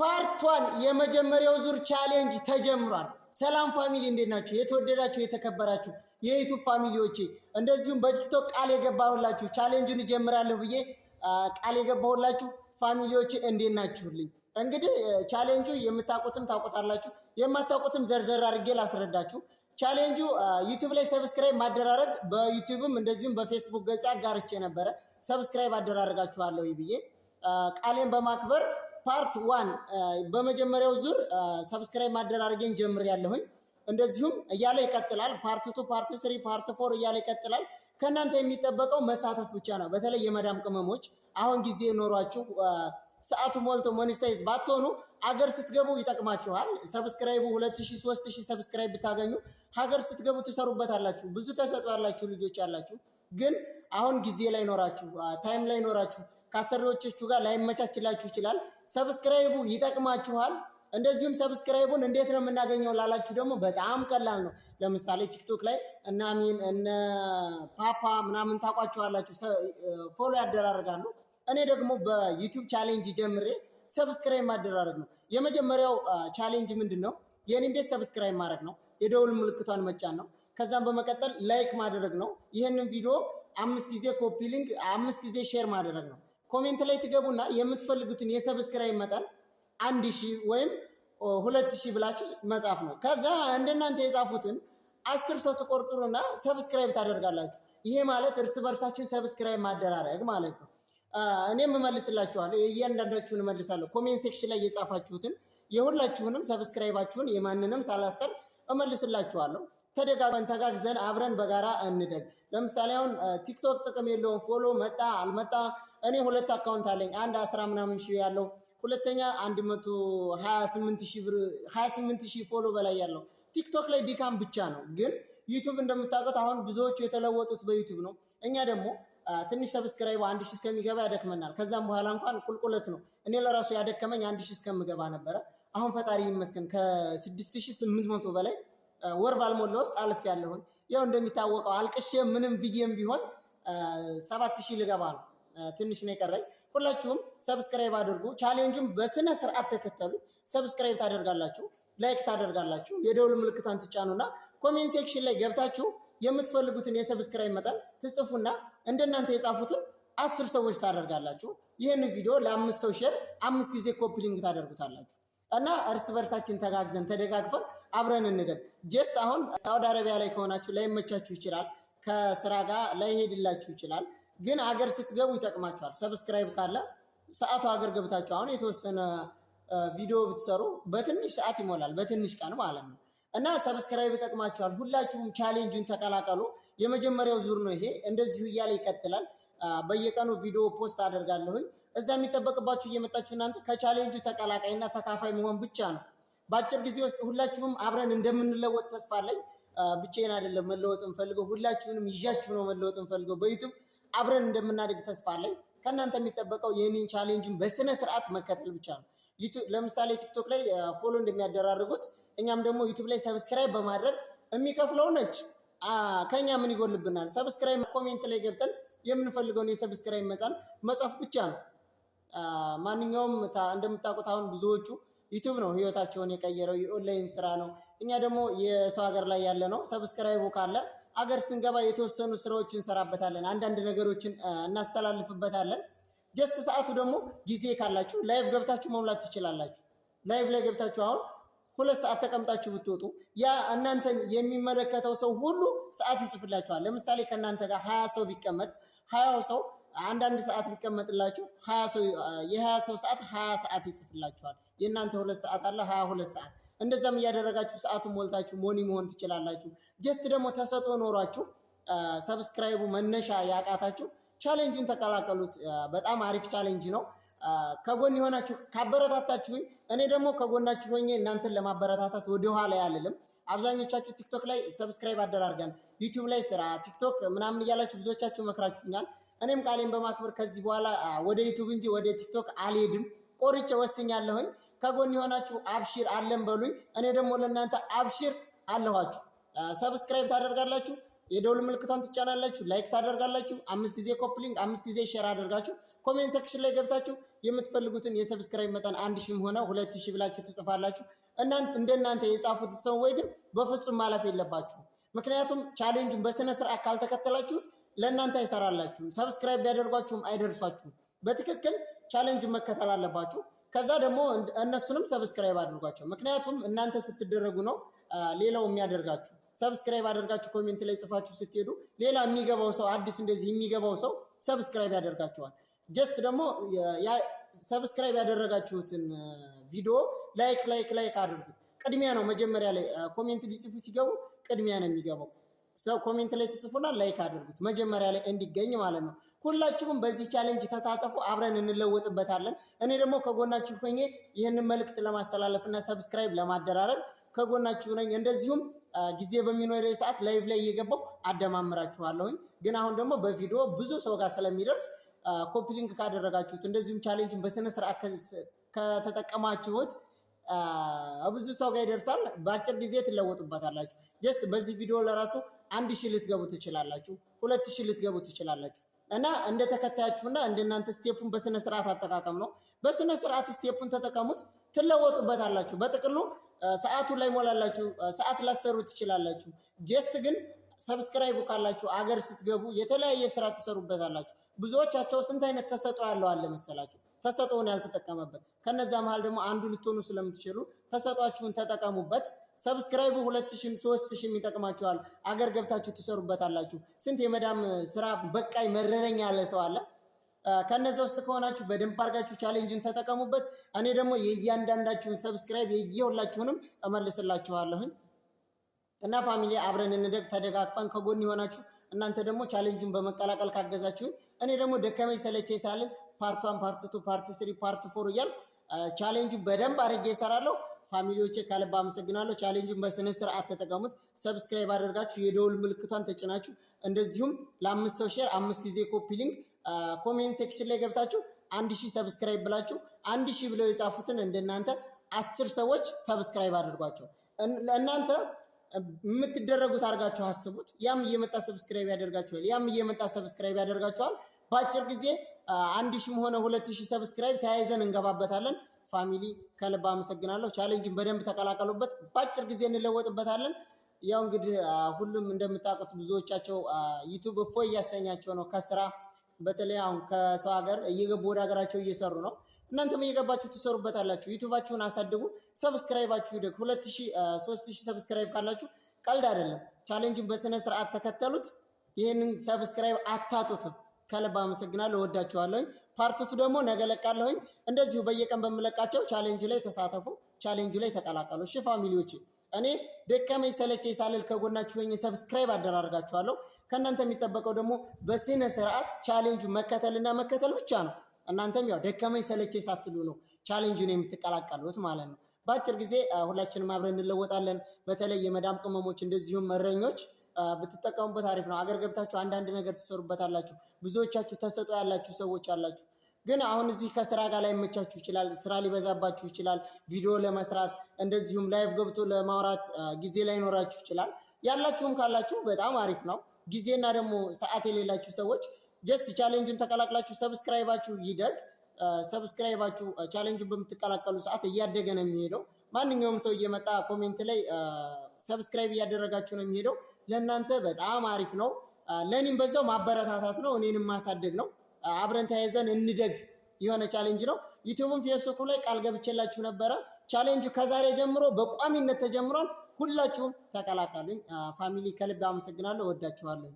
ፓርቷን የመጀመሪያው ዙር ቻሌንጅ ተጀምሯል። ሰላም ፋሚሊ እንዴት ናችሁ? የተወደዳችሁ የተከበራችሁ የዩቱብ ፋሚሊዎቼ፣ እንደዚሁም በቲክቶክ ቃል የገባሁላችሁ ቻሌንጁን እጀምራለሁ ብዬ ቃል የገባሁላችሁ ፋሚሊዎቼ እንዴት ናችሁልኝ? እንግዲህ ቻሌንጁ የምታውቁትም ታውቁታላችሁ፣ የማታውቁትም ዘርዘር አድርጌ ላስረዳችሁ። ቻሌንጁ ዩቱብ ላይ ሰብስክራይብ ማደራረግ፣ በዩቱብም እንደዚሁም በፌስቡክ ገጽ አጋርቼ ነበረ። ሰብስክራይብ አደራረጋችኋለሁ ብዬ ቃሌን በማክበር ፓርት ዋን በመጀመሪያው ዙር ሰብስክራይብ ማደራረጌን ጀምር ያለሁኝ እንደዚሁም እያለ ይቀጥላል። ፓርት ቱ፣ ፓርት ስሪ፣ ፓርት ፎር እያለ ይቀጥላል። ከእናንተ የሚጠበቀው መሳተፍ ብቻ ነው። በተለይ የመዳም ቅመሞች አሁን ጊዜ ኖሯችሁ ሰዓቱ ሞልቶ ሞኒስታይዝ ባትሆኑ አገር ስትገቡ ይጠቅማችኋል። ሰብስክራይቡ ሁለት ሺህ ሶስት ሺህ ሰብስክራይብ ብታገኙ ሀገር ስትገቡ ትሰሩበታላችሁ። ብዙ ተሰጥኦ ያላችሁ ልጆች ያላችሁ ግን አሁን ጊዜ ላይ ኖራችሁ ታይም ላይ ኖራችሁ ከአሰሪዎቻችሁ ጋር ላይመቻችላችሁ ይችላል። ሰብስክራይቡ ይጠቅማችኋል። እንደዚሁም ሰብስክራይቡን እንዴት ነው የምናገኘው ላላችሁ ደግሞ በጣም ቀላል ነው። ለምሳሌ ቲክቶክ ላይ እነ አሚን እነ ፓፓ ምናምን ታውቋቸዋላችሁ፣ ፎሎ ያደራርጋሉ። እኔ ደግሞ በዩቲዩብ ቻሌንጅ ጀምሬ ሰብስክራይብ ማደራረግ ነው። የመጀመሪያው ቻሌንጅ ምንድን ነው? የኔን ቤት ሰብስክራይብ ማድረግ ነው። የደውል ምልክቷን መጫን ነው። ከዛም በመቀጠል ላይክ ማድረግ ነው። ይህንን ቪዲዮ አምስት ጊዜ ኮፒ ሊንክ፣ አምስት ጊዜ ሼር ማድረግ ነው። ኮሜንት ላይ ትገቡና የምትፈልጉትን የሰብስክራይብ መጠን አንድ ሺህ ወይም ሁለት ሺህ ብላችሁ መጻፍ ነው። ከዛ እንደናንተ የጻፉትን አስር ሰው ትቆርጥሩና ሰብስክራይብ ታደርጋላችሁ። ይሄ ማለት እርስ በርሳችን ሰብስክራይብ ማደራረግ ማለት ነው። እኔም እመልስላችኋለሁ፣ እያንዳንዳችሁን እመልሳለሁ። ኮሜንት ሴክሽን ላይ የጻፋችሁትን የሁላችሁንም ሰብስክራይባችሁን የማንንም ሳላስቀር እመልስላችኋለሁ። ተደጋግመን ተጋግዘን አብረን በጋራ እንደግ። ለምሳሌ አሁን ቲክቶክ ጥቅም የለውም ፎሎ መጣ አልመጣ እኔ ሁለት አካውንት አለኝ። አንድ አስራ ምናምን ሺህ ያለው ሁለተኛ አንድ መቶ ሀያ ስምንት ሺህ ፎሎ በላይ ያለው ቲክቶክ ላይ ድካም ብቻ ነው። ግን ዩቱብ እንደምታውቁት አሁን ብዙዎቹ የተለወጡት በዩቱብ ነው። እኛ ደግሞ ትንሽ ሰብስክራይብ አንድ ሺህ እስከሚገባ ያደክመናል። ከዛም በኋላ እንኳን ቁልቁለት ነው። እኔ ለራሱ ያደከመኝ አንድ ሺህ እስከምገባ ነበረ። አሁን ፈጣሪ ይመስገን ከስድስት ሺህ ስምንት መቶ በላይ ወር ባልሞላ ውስጥ አልፍ ያለሁን ያው እንደሚታወቀው አልቅሼ ምንም ብዬም ቢሆን ሰባት ሺህ ልገባ ነው ትንሽ ነው የቀረኝ። ሁላችሁም ሰብስክራይብ አድርጉ። ቻሌንጁን በስነ ስርዓት ተከተሉት። ሰብስክራይብ ታደርጋላችሁ፣ ላይክ ታደርጋላችሁ፣ የደውል ምልክቷን ትጫኑና ኮሜንት ሴክሽን ላይ ገብታችሁ የምትፈልጉትን የሰብስክራይብ መጠን ትጽፉና እንደናንተ የጻፉትን አስር ሰዎች ታደርጋላችሁ። ይህን ቪዲዮ ለአምስት ሰው ሼር አምስት ጊዜ ኮፒሊንግ ታደርጉታላችሁ እና እርስ በርሳችን ተጋግዘን ተደጋግፈን አብረን እንደግ። ጀስት አሁን ሳውዲ አረቢያ ላይ ከሆናችሁ ላይመቻችሁ ይችላል። ከስራ ጋር ላይሄድላችሁ ይችላል። ግን አገር ስትገቡ ይጠቅማቸዋል ሰብስክራይብ ካለ ሰዓቱ አገር ገብታችሁ አሁን የተወሰነ ቪዲዮ ብትሰሩ በትንሽ ሰዓት ይሞላል፣ በትንሽ ቀን ማለት ነው። እና ሰብስክራይብ ይጠቅማቸዋል ሁላችሁም ቻሌንጁን ተቀላቀሉ። የመጀመሪያው ዙር ነው ይሄ። እንደዚሁ እያለ ይቀጥላል። በየቀኑ ቪዲዮ ፖስት አደርጋለሁኝ። እዛ የሚጠበቅባችሁ እየመጣችሁ እናንተ ከቻሌንጁ ተቀላቃይና ተካፋይ መሆን ብቻ ነው። በአጭር ጊዜ ውስጥ ሁላችሁም አብረን እንደምንለወጥ ተስፋ አለኝ። ብቻዬን አይደለም መለወጥ እንፈልገው፣ ሁላችሁንም ይዣችሁ ነው መለወጥ እንፈልገው በዩቱብ አብረን እንደምናደግ ተስፋ አለኝ። ከእናንተ የሚጠበቀው ይህንን ቻሌንጅን በስነ ስርዓት መከተል ብቻ ነው። ለምሳሌ ቲክቶክ ላይ ፎሎ እንደሚያደራርጉት እኛም ደግሞ ዩቱብ ላይ ሰብስክራይብ በማድረግ የሚከፍለው ነች። ከኛ ምን ይጎልብናል? ሰብስክራይብ ኮሜንት ላይ ገብተን የምንፈልገውን የሰብስክራይብ መጻን መጻፍ ብቻ ነው። ማንኛውም እንደምታውቁት አሁን ብዙዎቹ ዩቱብ ነው ህይወታቸውን የቀየረው የኦንላይን ስራ ነው። እኛ ደግሞ የሰው ሀገር ላይ ያለ ነው። ሰብስክራይቡ ካለ አገር ስንገባ የተወሰኑ ስራዎች እንሰራበታለን፣ አንዳንድ ነገሮችን እናስተላልፍበታለን። ጀስት ሰዓቱ ደግሞ ጊዜ ካላችሁ ላይቭ ገብታችሁ መሙላት ትችላላችሁ። ላይቭ ላይ ገብታችሁ አሁን ሁለት ሰዓት ተቀምጣችሁ ብትወጡ ያ እናንተን የሚመለከተው ሰው ሁሉ ሰዓት ይጽፍላችኋል። ለምሳሌ ከእናንተ ጋር ሀያ ሰው ቢቀመጥ ሀያው ሰው አንዳንድ ሰዓት ቢቀመጥላችሁ የሀያ ሰው ሰዓት ሀያ ሰዓት ይጽፍላችኋል። የእናንተ ሁለት ሰዓት አለ ሀያ ሁለት ሰዓት እንደዛም እያደረጋችሁ ሰዓቱን ሞልታችሁ ሞኒ መሆን ትችላላችሁ። ጀስት ደግሞ ተሰጥኦ ኖሯችሁ ሰብስክራይቡ መነሻ ያቃታችሁ ቻሌንጁን ተቀላቀሉት። በጣም አሪፍ ቻሌንጅ ነው። ከጎን የሆናችሁ ካበረታታችሁኝ እኔ ደግሞ ከጎናችሁ ሆኜ እናንተን ለማበረታታት ወደኋላ አልልም። አብዛኞቻችሁ ቲክቶክ ላይ ሰብስክራይብ አደራርገን ዩቲዩብ ላይ ስራ ቲክቶክ ምናምን እያላችሁ ብዙዎቻችሁ መክራችሁኛል። እኔም ቃሌን በማክበር ከዚህ በኋላ ወደ ዩቱብ እንጂ ወደ ቲክቶክ አልሄድም ቆርጬ ወስኛለሁኝ። ከጎን የሆናችሁ አብሽር አለን በሉኝ። እኔ ደግሞ ለእናንተ አብሽር አለኋችሁ። ሰብስክራይብ ታደርጋላችሁ፣ የደውል ምልክቷን ትጫናላችሁ፣ ላይክ ታደርጋላችሁ፣ አምስት ጊዜ ኮፕሊንግ፣ አምስት ጊዜ ሼር አደርጋችሁ ኮሜንት ሴክሽን ላይ ገብታችሁ የምትፈልጉትን የሰብስክራይብ መጠን አንድ ሺህም ሆነ ሁለት ሺህ ብላችሁ ትጽፋላችሁ። እናንተ እንደናንተ የጻፉት ሰው ወይ ግን በፍጹም ማለፍ የለባችሁ። ምክንያቱም ቻሌንጁን በስነ ስርዓት ካልተከተላችሁት ለእናንተ አይሰራላችሁም። ሰብስክራይብ ቢያደርጓችሁም አይደርሷችሁም። በትክክል ቻሌንጁን መከተል አለባችሁ። ከዛ ደግሞ እነሱንም ሰብስክራይብ አድርጓቸው። ምክንያቱም እናንተ ስትደረጉ ነው ሌላው የሚያደርጋችሁ። ሰብስክራይብ አድርጋችሁ ኮሜንት ላይ ጽፋችሁ ስትሄዱ ሌላ የሚገባው ሰው አዲስ እንደዚህ የሚገባው ሰው ሰብስክራይብ ያደርጋችኋል። ጀስት ደግሞ ሰብስክራይብ ያደረጋችሁትን ቪዲዮ ላይክ ላይክ ላይክ አድርጉት። ቅድሚያ ነው መጀመሪያ ላይ ኮሜንት ሊጽፉ ሲገቡ ቅድሚያ ነው የሚገባው። ሰው ኮሜንት ላይ ትጽፉና ላይክ አድርጉት መጀመሪያ ላይ እንዲገኝ ማለት ነው። ሁላችሁም በዚህ ቻሌንጅ ተሳተፉ፣ አብረን እንለወጥበታለን። እኔ ደግሞ ከጎናችሁ ሆኜ ይህንን መልእክት ለማስተላለፍና ሰብስክራይብ ለማደራረግ ከጎናችሁ ነኝ። እንደዚሁም ጊዜ በሚኖረ ሰዓት ላይቭ ላይ እየገባው አደማምራችኋለሁኝ። ግን አሁን ደግሞ በቪዲዮ ብዙ ሰው ጋር ስለሚደርስ ኮፒሊንክ ካደረጋችሁት እንደዚሁም ቻሌንጁን በስነ ስርዓት ከተጠቀማችሁት ብዙ ሰው ጋር ይደርሳል። በአጭር ጊዜ ትለወጡበታላችሁ። ጀስት በዚህ ቪዲዮ ለራሱ አንድ ሺህ ልትገቡ ትችላላችሁ፣ ሁለት ሺህ ልትገቡ ትችላላችሁ። እና እንደ ተከታያችሁና እንደናንተ ስቴፑን በስነ ስርዓት አጠቃቀም ነው። በስነ ስርዓት ስቴፑን ተጠቀሙት፣ ትለወጡበታላችሁ። በጥቅሉ ሰዓቱ ላይ ሞላላችሁ፣ ሰዓት ላሰሩ ትችላላችሁ። ጀስት ግን ሰብስክራይቡ ካላችሁ አገር ስትገቡ የተለያየ ስራ ትሰሩበታላችሁ። ብዙዎቻቸው ስንት አይነት ተሰጦ ያለው አለ መሰላችሁ? ተሰጦውን ያልተጠቀመበት ከነዛ መሀል ደግሞ አንዱ ልትሆኑ ስለምትችሉ ተሰጧችሁን ተጠቀሙበት። ሰብስክራይቡ ሁለት ሺህም ሶስት ሺህም ይጠቅማችኋል። አገር ገብታችሁ ትሰሩበታላችሁ። ስንት የመዳም ስራ በቃይ መረረኝ ያለ ሰው አለ። ከነዚ ውስጥ ከሆናችሁ በደንብ አርጋችሁ ቻሌንጅን ተጠቀሙበት። እኔ ደግሞ የእያንዳንዳችሁን ሰብስክራይብ የየሁላችሁንም እመልስላችኋለሁኝ እና ፋሚሊ አብረን እንደግ፣ ተደጋግፈን ከጎን የሆናችሁ እናንተ ደግሞ ቻሌንጁን በመቀላቀል ካገዛችሁኝ እኔ ደግሞ ደከመኝ ሰለቼ ሳልል ፓርት ዋን፣ ፓርት ቱ፣ ፓርት ስሪ፣ ፓርት ፎር እያል ቻሌንጁ በደንብ አድርጌ እሰራለሁ። ፋሚሊዎቼ ከልብ አመሰግናለሁ። ቻሌንጁን በስነ ስርዓት ተጠቀሙት። ሰብስክራይብ አድርጋችሁ የደውል ምልክቷን ተጭናችሁ እንደዚሁም ለአምስት ሰው ሼር አምስት ጊዜ ኮፒ ሊንክ ኮሜንት ሴክሽን ላይ ገብታችሁ አንድ ሺህ ሰብስክራይብ ብላችሁ አንድ ሺህ ብለው የጻፉትን እንደናንተ አስር ሰዎች ሰብስክራይብ አድርጓቸው። እናንተ የምትደረጉት አድርጋችሁ አስቡት። ያም እየመጣ ሰብስክራይብ ያደርጋችኋል። ያም እየመጣ ሰብስክራይብ ያደርጋችኋል። በአጭር ጊዜ አንድ ሺህም ሆነ ሁለት ሺህ ሰብስክራይብ ተያይዘን እንገባበታለን። ፋሚሊ ከልብ አመሰግናለሁ። ቻሌንጅን በደንብ ተቀላቀሉበት። በአጭር ጊዜ እንለወጥበታለን። ያው እንግዲህ ሁሉም እንደምታውቁት ብዙዎቻቸው ዩቱብ እፎ እያሰኛቸው ነው ከስራ በተለይ አሁን ከሰው ሀገር እየገቡ ወደ ሀገራቸው እየሰሩ ነው። እናንተም እየገባችሁ ትሰሩበታላችሁ። ዩቱባችሁን አሳድጉ። ሰብስክራይባችሁ ይደግ። ሁለት ሺህ ሶስት ሺህ ሰብስክራይብ ካላችሁ ቀልድ አይደለም። ቻሌንጅን በስነ ስርዓት ተከተሉት። ይህንን ሰብስክራይብ አታጡትም። ከልብ አመሰግናለሁ። ወዳችኋለሁኝ። ፓርትቱ ደግሞ ነገ ለቃለሁኝ። እንደዚሁ በየቀን በምለቃቸው ቻሌንጁ ላይ ተሳተፉ፣ ቻሌንጁ ላይ ተቀላቀሉ። እሺ ፋሚሊዎች፣ እኔ ደከመኝ ሰለቸኝ ሳልል ከጎናችሁ ሆኜ ሰብስክራይብ አደራርጋችኋለሁ። ከእናንተ የሚጠበቀው ደግሞ በስነ ስርዓት ቻሌንጁ መከተልና መከተል ብቻ ነው። እናንተም ያው ደከመኝ ሰለቸኝ ሳትሉ ነው ቻሌንጁን የምትቀላቀሉት ማለት ነው። በአጭር ጊዜ ሁላችንም አብረን እንለወጣለን። በተለይ የመዳም ቅመሞች እንደዚሁም እረኞች ብትጠቀሙበት አሪፍ ነው። አገር ገብታችሁ አንዳንድ ነገር ትሰሩበት አላችሁ። ብዙዎቻችሁ ተሰጦ ያላችሁ ሰዎች አላችሁ። ግን አሁን እዚህ ከስራ ጋር ላይመቻችሁ ይችላል። ስራ ሊበዛባችሁ ይችላል። ቪዲዮ ለመስራት እንደዚሁም ላይቭ ገብቶ ለማውራት ጊዜ ላይኖራችሁ ይችላል። ያላችሁም ካላችሁ በጣም አሪፍ ነው። ጊዜና ደግሞ ሰዓት የሌላችሁ ሰዎች ጀስት ቻሌንጅን ተቀላቅላችሁ ሰብስክራይባችሁ ይደግ። ሰብስክራይባችሁ ቻሌንጅን በምትቀላቀሉ ሰዓት እያደገ ነው የሚሄደው። ማንኛውም ሰው እየመጣ ኮሜንት ላይ ሰብስክራይብ እያደረጋችሁ ነው የሚሄደው። ለእናንተ በጣም አሪፍ ነው። ለእኔም በዛው ማበረታታት ነው፣ እኔንም ማሳደግ ነው። አብረን ተያይዘን እንደግ የሆነ ቻሌንጅ ነው። ዩቲዩብም ፌስቡክ ላይ ቃል ገብቼላችሁ ነበረ። ቻሌንጁ ከዛሬ ጀምሮ በቋሚነት ተጀምሯል። ሁላችሁም ተቀላቀሉኝ። ፋሚሊ ከልብ አመሰግናለሁ። ወዳችኋለሁ።